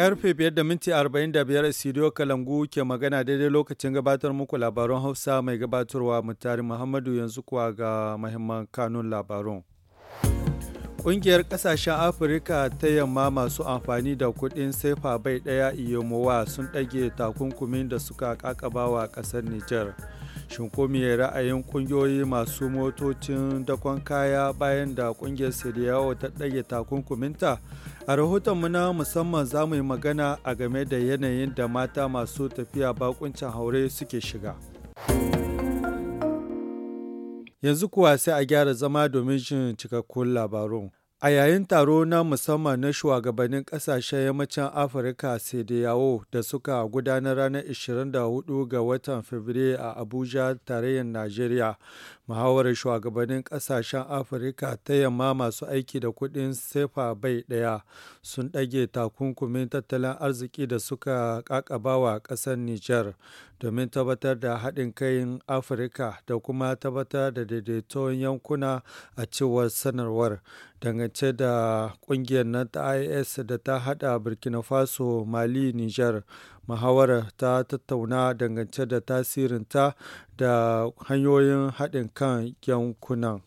Karfe 5 da minti 45 studio Kalangu ke magana daidai lokacin gabatar muku labaran Hausa mai gabatarwa Mutari Muhammadu yanzu kuwa ga mahimman kanun labarun. Ƙungiyar ƙasashen Afirka ta yamma masu amfani da kuɗin saifa bai ɗaya iyomowa sun ɗage takunkumin da suka ƙaƙabawa ƙasar Nijar. Shin ko ra'ayin ƙungiyoyi masu motocin dakon kaya bayan da ƙungiyar Siriyawa ta ɗage takunkuminta? A rahoton mu na musamman za mu yi magana a game da yanayin da mata masu tafiya bakuncin haure suke shiga. Yanzu kuwa sai a gyara zama domin jin cikakkun labarun. A yayin taro na musamman na shugabannin ƙasashen Yammacin Afirka (CEDEAO) da suka gudanar ranar 24 ga watan Fabrairu a Abuja, tarayyar Najeriya, muhawarar shugabannin ƙasashen Afirka ta yamma masu aiki da kuɗin sefa bai ɗaya sun ɗage takunkumin tattalin arziki da suka ƙaƙabawa ƙasar Nijar domin tabbatar da haɗin kayan Afirka da kuma tabbatar da daidaito yankuna a cewar sanarwar. dangance da kungiyar na ta is da ta hada burkina faso mali niger muhawarar ta tattauna dangance da tasirinta da hanyoyin haɗin kan yankunan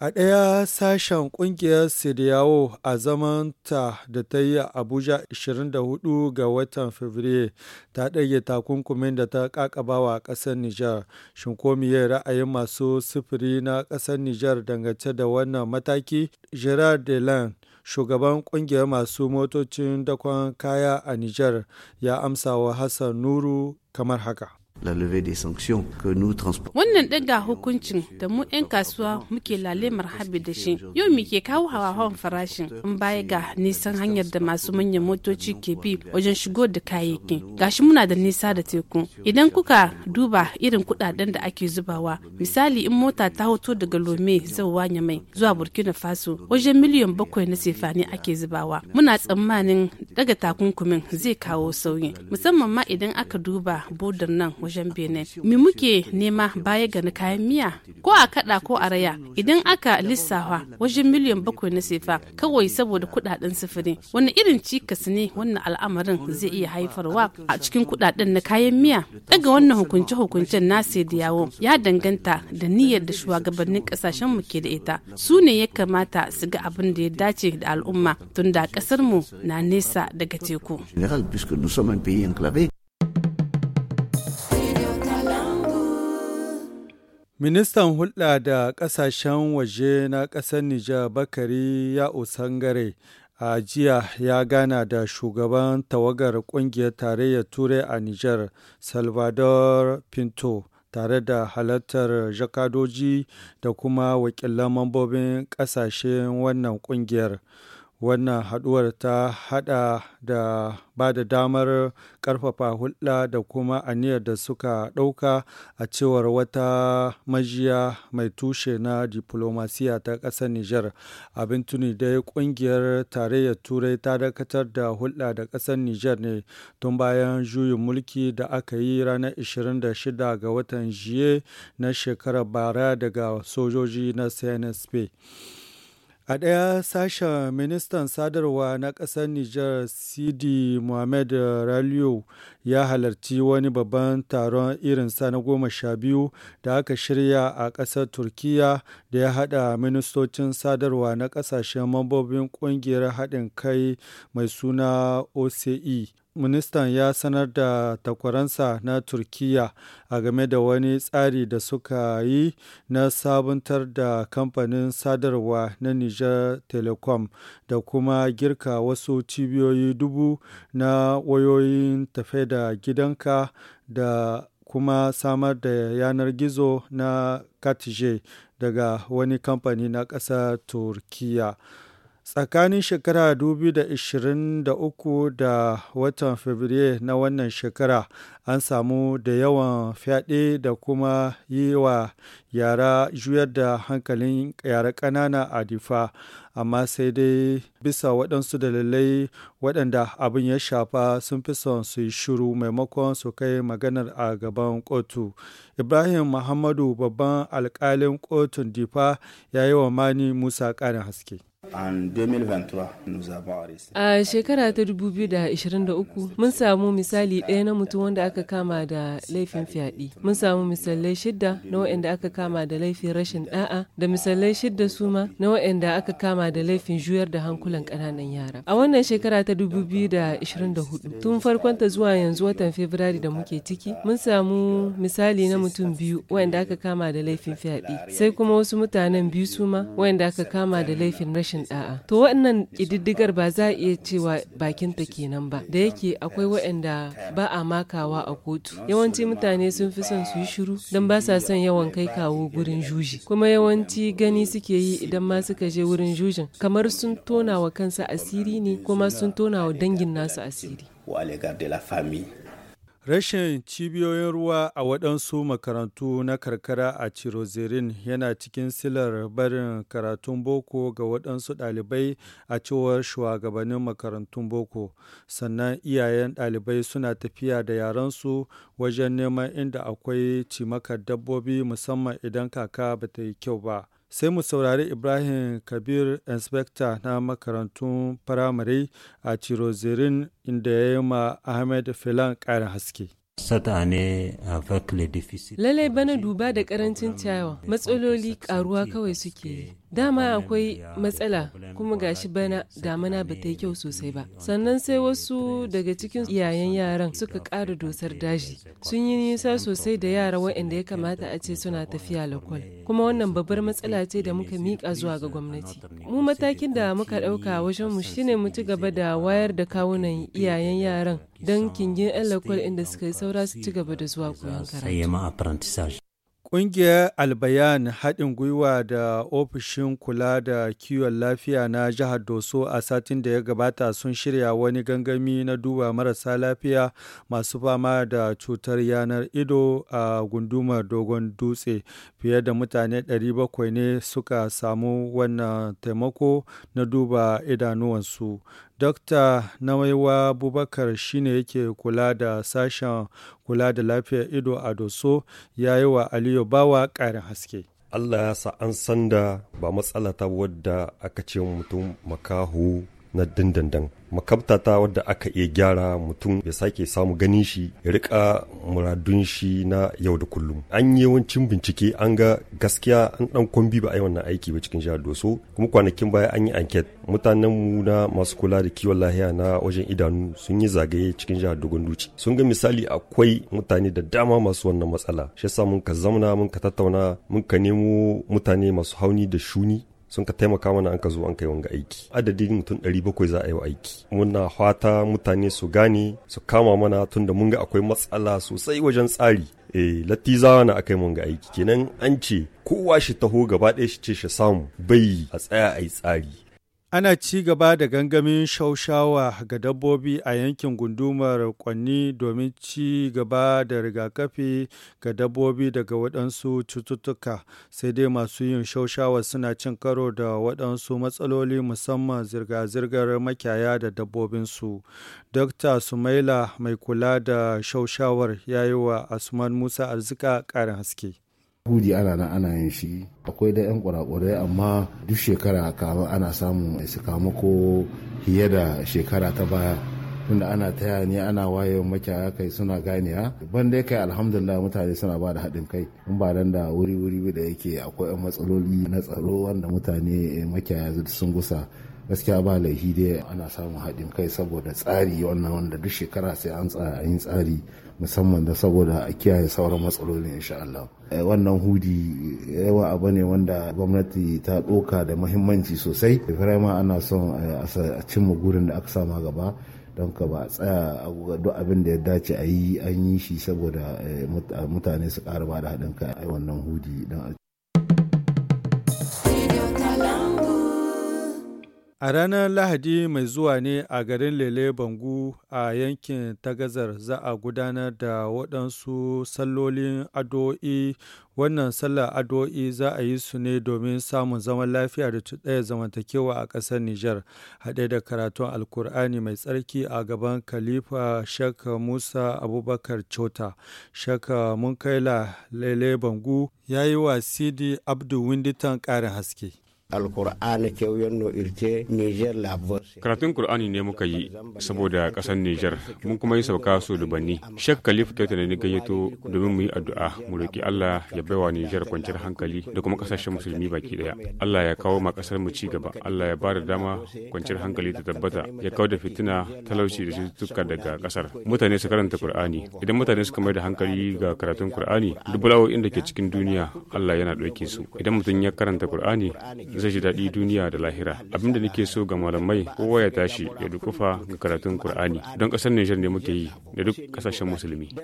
A ɗaya sashen ƙungiyar sidiyawo a zaman ta da ta yi a Abuja 24 ga watan Fabrairu ta ɗage takunkumin da ta ƙaƙabawa a ƙasar Nijar. Shin ko ra'ayin masu sufuri na ƙasar Nijar dangance da wannan mataki? Gerard Delan, shugaban ƙungiyar masu motocin dakon kaya a Nijar, ya amsa wa Hassan Nuru kamar haka. Wannan ɗaga hukuncin da mu 'yan kasuwa muke lalemar habi da shi yau muke ke kawo hawa hawan farashin in baya ga nisan hanyar da masu manyan motoci ke bi wajen shigo da kayayyaki. Gashi muna da nisa da teku. Idan kuka duba irin kudaden da ake zubawa misali in mota ta hoto daga Lome zauwa mai zuwa Burkina Faso wajen miliyan bakwai na sefani ake zubawa. Muna tsammanin daga takunkumin zai kawo sauyi musamman ma idan aka duba bodar nan wajen benin mi muke nema baya ga na kayan miya ko a kada ko a raya idan aka lissafa wajen miliyan bakwai na sefa kawai saboda kudaden sufuri wani irin cikas ne wannan al'amarin zai iya haifarwa a cikin kudaden na kayan miya daga wannan hukunce hukuncen nasi da yawo ya danganta da niyyar da shugabannin kasashen mu ke da ita su ne ya kamata su ga abin da ya dace da al'umma tunda kasar mu na nesa daga teku Ministan Hulɗa da Ƙasashen Waje na ƙasar Nijar bakari ya Sangare a jiya ya gana da shugaban tawagar ƙungiyar tarayyar Turai a Nijar, Salvador Pinto, tare da halartar jakadoji da kuma wakilan mambobin ƙasashen wannan ƙungiyar. wannan haduwar ta hada da ba da damar karfafa hulɗa da kuma aniyar da suka ɗauka a cewar wata majiya mai tushe na diplomasiya ta ƙasar Nijar. Abin tuni dai ƙungiyar tarayyar Turai ta dakatar da hulɗa da ƙasar Nijar ne tun bayan juyin mulki da aka yi ranar 26 ga watan Jiye na shekarar bara daga sojoji na CNSP. A ɗaya sashen ministan sadarwa na ƙasar Nijar Sidi Mohamed Raliyo ya halarci wani babban taron irinsa na goma sha biyu da aka shirya a ƙasar Turkiya da ya haɗa ministocin sadarwa na ƙasashen mambobin ƙungiyar haɗin kai mai suna OCE ministan ya sanar da takwaransa na turkiyya a game da wani tsari da suka yi na sabuntar da kamfanin sadarwa na niger telecom da kuma girka wasu cibiyoyi dubu na wayoyin tafe da gidanka da kuma samar da yanar gizo na katije daga wani kamfani na ƙasa turkiyya. Tsakanin shekara 2023 da watan Fabrairu na wannan shekara an samu da yawan fyaɗe da kuma yi wa yara juyar da hankalin yara ƙanana a difa, amma sai dai bisa waɗansu dalilai waɗanda abin ya shafa sun fi son su yi shiru maimakon su kai maganar a gaban kotu. Ibrahim Muhammadu babban alkalin kotun difa ya yi wa Mani Musa ƙarin haske. A shekara ta 2023 mun samu misali ɗaya na mutum wanda aka kama da laifin fyaɗe. Mun samu misalai shidda na waɗanda aka kama da laifin rashin ɗa'a da misalai shidda suma na waɗanda aka kama da laifin juyar da hankulan ƙananan yara. A wannan shekara ta 2024 tun farkon ta zuwa yanzu watan Fabrairu da muke ciki mun samu misali na mutum biyu waɗanda aka kama da laifin fyaɗe sai kuma wasu mutanen biyu suma waɗanda aka kama da laifin rashin rashin da'a to wannan kididdigar ba za a iya cewa bakin ta kenan ba da yake akwai waɗanda ba a makawa a kotu yawanci mutane sun fi son su yi shiru don ba sa son yawan kai kawo gurin juji kuma yawanci gani suke yi idan ma suka je wurin jujin kamar sun tona wa kansa asiri ne kuma sun tona wa dangin nasu asiri wa la Rashin cibiyoyin ruwa a waɗansu makarantu na karkara a cirozerin yana cikin silar barin karatun boko ga waɗansu ɗalibai a cewar shugabannin makarantun boko, sannan iyayen ɗalibai suna tafiya da yaransu wajen neman inda akwai cimakar dabbobi musamman idan kaka bata yi kyau ba. sai mu saurari ibrahim kabir inspector na makarantun firamare a cirozirin inda ya yi ma ahmed filan karin haske Lallai bana duba da karancin ciyawa matsaloli karuwa kawai suke Dama akwai matsala kuma gashi bana damana ba ta yi kyau sosai ba sannan sai wasu daga cikin iyayen yaran suka ƙara dosar daji sun yi nisa sosai da yara waɗanda ya kamata a ce suna tafiya lakwal kuma wannan babbar matsala ce da muka miƙa zuwa ga gwamnati mu matakin da muka ɗauka wajen mu shine mu ci gaba da wayar da kawunan iyayen yaran don kingin 'yan lakwal inda suka yi saura su ci gaba da zuwa koyon karatu Ƙungiyar Albayan haɗin gwiwa da ofishin kula da kiwon lafiya na jihar Doso a satin da ya gabata sun shirya wani gangami na duba marasa lafiya masu fama da cutar yanar ido a gundumar dogon dutse. Fiye da mutane 700 ne suka samu wannan taimako na duba idanuwansu. Dokta Nawaiwa Bubakar shine yake kula da sashen kula da lafiyar ido a Doso ya yi wa Aliyu Bawa ƙarin haske. Allah ya sa an sanda ba matsala ta wadda aka ce mutum makahu na dandandan makabtata wadda aka iya gyara mutum ya sake samu ganin shi ya rika muradun shi na yau da kullum an yi yawancin bincike an ga gaskiya an dan kwambi ba a yi wannan aiki ba cikin jihar doso kuma kwanakin baya an yi anket mutanen mu na masu kula da kiwon lahiya na wajen idanu sun yi zagaye cikin jihar dogon duci sun ga misali akwai mutane da dama masu wannan matsala shi yasa mun ka zamana mun ka tattauna mun ka nemo mutane masu hauni da shuni sun ka taimaka mana an ka zo an kai wanga aiki adadin mutum ɗari bakwai za a yi wa aiki muna fata mutane su gane su kama mana tun da mun ga akwai matsala sosai wajen tsari eh latizawa na akai mun wanga aiki kenan an ce kowa shi taho gaba ɗaya shi ce shi samu bai a tsaya a yi tsari Ana ci gaba da gangamin shaushawa ga dabbobi a yankin gundumar Kwanni domin ci gaba da rigakafi ga dabbobi daga waɗansu cututtuka, sai dai masu yin shaushawa suna cin karo da waɗansu matsaloli musamman zirga-zirgar makiyaya da dabbobinsu. Dr. Sumaila mai kula da shaushawar ya yi wa Asman Musa Arzika ƙarin haske. hudi ana nan ana yin shi akwai da 'yan kurakurai amma duk shekara kama ana samun sakamako fiye da shekara ta baya tunda ana taya ne ana wayewa makiyaya kai suna ganiya ban dai kai alhamdulillah mutane suna ba da haɗin kai in ba dan da wuri wuri da yake akwai matsaloli na tsaro wanda mutane eh, makiyaya sun gusa gaskiya ba laifi dai ana samun haɗin kai saboda tsari wannan wanda duk shekara sai an tsara yin tsari musamman da saboda a kiyaye sauran matsaloli insha Allah. Eh, wannan hudi yawa eh, abu ne wanda gwamnati ta ɗoka da muhimmanci sosai. Firama ana son a cimma gurin da aka sama gaba don ka ba tsaya a duk abin da ya dace a yi an yi shi saboda eh, mutane su ƙara ba da haɗin ka a wannan hudi don A ranar Lahadi mai zuwa ne a garin Lele Bangu a yankin Tagazar za a gudanar da waɗansu sallolin addu'o'i. Wannan sallar addu'o'i za a yi su ne domin samun zaman lafiya da cuɗaya zamantakewa a ƙasar Nijar, haɗe da karatun Alkur'ani mai tsarki a gaban Khalifa Shaka Musa Abubakar Chota. Shaka Munkaila Lele Bangu ya yi wa Sidi Abdu Winditan ƙarin haske. alkur'ani kyauyen no irte niger labarse karatun kur'ani ne muka yi saboda kasar niger mun kuma yi sauka su dubanni shek kalif kyauta da ne gayyato domin mu yi addu'a mu roki allah ya baiwa niger kwanciyar hankali da kuma kasashen musulmi baki daya allah ya kawo ma kasar mu ci gaba allah ya ba da dama kwanciyar hankali ta tabbata ya kawo da fitina talauci da cututtuka daga kasar mutane su karanta kur'ani idan mutane suka mai da hankali ga karatun kur'ani duk bala'o'in da ke cikin duniya allah yana ɗauke su idan mutum ya karanta kur'ani zai ji daɗi duniya da lahira abin da nake so ga malamai kowa ya tashi ya dukufa ga karatun Kur'ani don ƙasar Nijar ne muke yi da duk ƙasashen musulmi.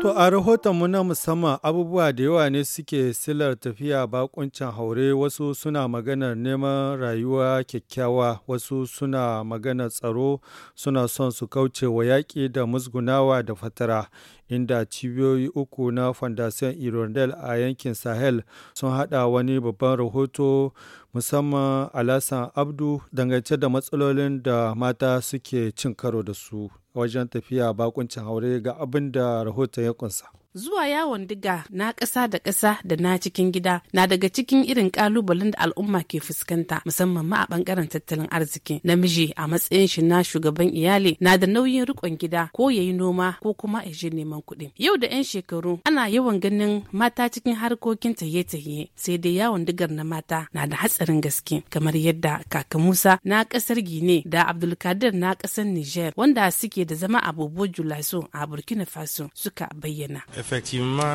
To a rahoton mu na musamman abubuwa da yawa ne suke silar tafiya bakuncin haure wasu suna maganar neman rayuwa kyakkyawa wasu suna maganar tsaro suna son su kauce wa yaƙi da musgunawa da fatara inda cibiyoyi uku na Fondation Irondel a yankin Sahel sun hada wani babban rahoto musamman Alasan Abdu dangance da matsalolin da mata suke cin karo da su wajen tafiya bakuncin haure ga abin da rahoton ya kunsa. Zuwa yawon diga na ƙasa da ƙasa da na cikin gida na daga cikin irin ƙalubalen da al'umma ke fuskanta musamman ma a ɓangaren tattalin arziki. Namiji a matsayin shi na shugaban iyali na da nauyin riƙon gida ko ya yi noma ko kuma ya je neman kuɗi. Yau da 'yan shekaru ana yawan ganin mata cikin harkokin tahiye-tahiye sai dai yawon digar na mata na da hatsarin gaske kamar yadda kaka Musa na ƙasar Gine da Abdulkadir na ƙasar Niger wanda suke da zama a Julaso a Burkina Faso suka bayyana.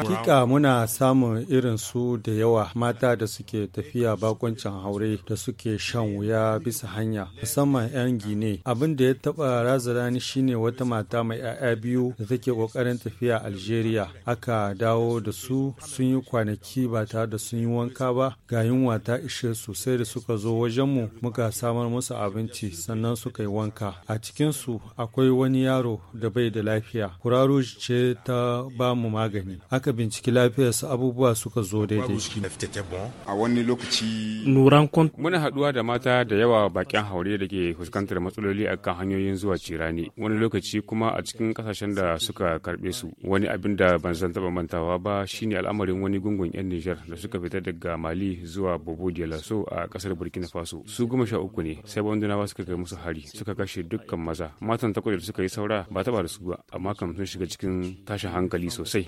Kika muna samun irin su da yawa mata da suke tafiya bakoncin haure da suke shan wuya bisa hanya musamman 'yan gine. Abin da ya taba raza rani shine wata mata mai 'ya'ya biyu da take kokarin tafiya Algeria. Aka dawo da su sun yi kwanaki ba tare da sun yi wanka ba ga yunwa ta ishe sosai da suka zo wajenmu muka samar musu abinci sannan suka yi wanka. A cikinsu akwai wani yaro da bai da lafiya. kuraro ce ta bamu magani aka binciki lafiyarsa abubuwa suka zo daidai a wani muna haduwa da mata da yawa bakin haure da ke fuskantar matsaloli a kan hanyoyin zuwa cirani wani lokaci kuma a cikin kasashen da suka karbe su wani abin da ban san taba mantawa ba shine al'amarin wani gungun yan Nijar da suka fita daga Mali zuwa Bobo so a kasar Burkina Faso su goma sha uku ne sai bandunawa suka kai musu hari suka kashe dukkan maza matan takwas da suka yi saura ba taba da su ba amma kam sun shiga cikin tashin hankali sosai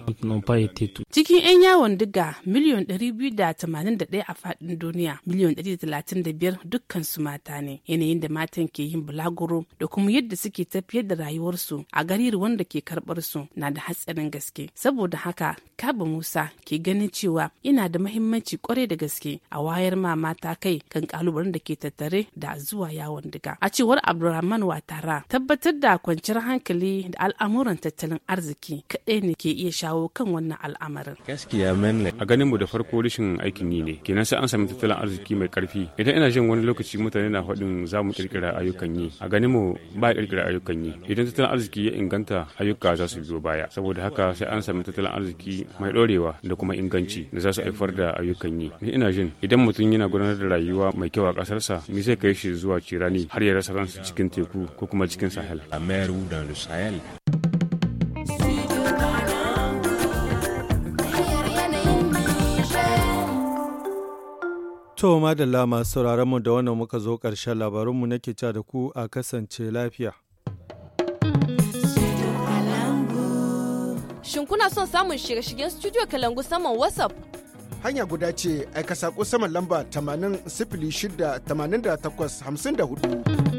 Cikin 'yan yawon diga miliyon 281 a faɗin duniya, miliyon 135 dukkan su mata ne. Yanayin da matan ke yin bulaguro da kuma yadda suke tafiyar da rayuwarsu a garin wanda ke karɓar su na da hatsarin gaske. Saboda haka, Kaba Musa ke ganin cewa yana da mahimmanci kwarai da gaske a wayar ma mata kai kan kalubalen da ke tattare da zuwa yawon diga. A cewar Abdulrahman Watara, tabbatar da kwanciyar hankali da al'amuran tattalin arziki kaɗai ne ke iya shawo kan wannan al'amarin. Gaskiya menle a ganin mu da farko rashin aikin yi ne kenan sai an sami tattalin arziki mai karfi idan ina jin wani lokaci mutane na faɗin za mu kirkira ayyukan yi a ganin mu ba kirkira ayyukan yi idan tattalin arziki ya inganta ayyuka za su biyo baya saboda haka sai an sami tattalin arziki mai ɗorewa da kuma inganci da za su haifar da ayyukan yi ni ina jin idan mutum yana gudanar da rayuwa mai kyau a ƙasarsa me zai kai shi zuwa cirani har ya rasa ransa cikin teku ko kuma cikin sahel. To madalla masu sauraron mu da wannan muka zo ƙarshen labarunmu nake ca da ku a kasance lafiya. Shin kuna son samun shirye-shiryen studio Kalangu saman WhatsApp? Hanya guda ce aika saƙo saman lamba 80 68 54.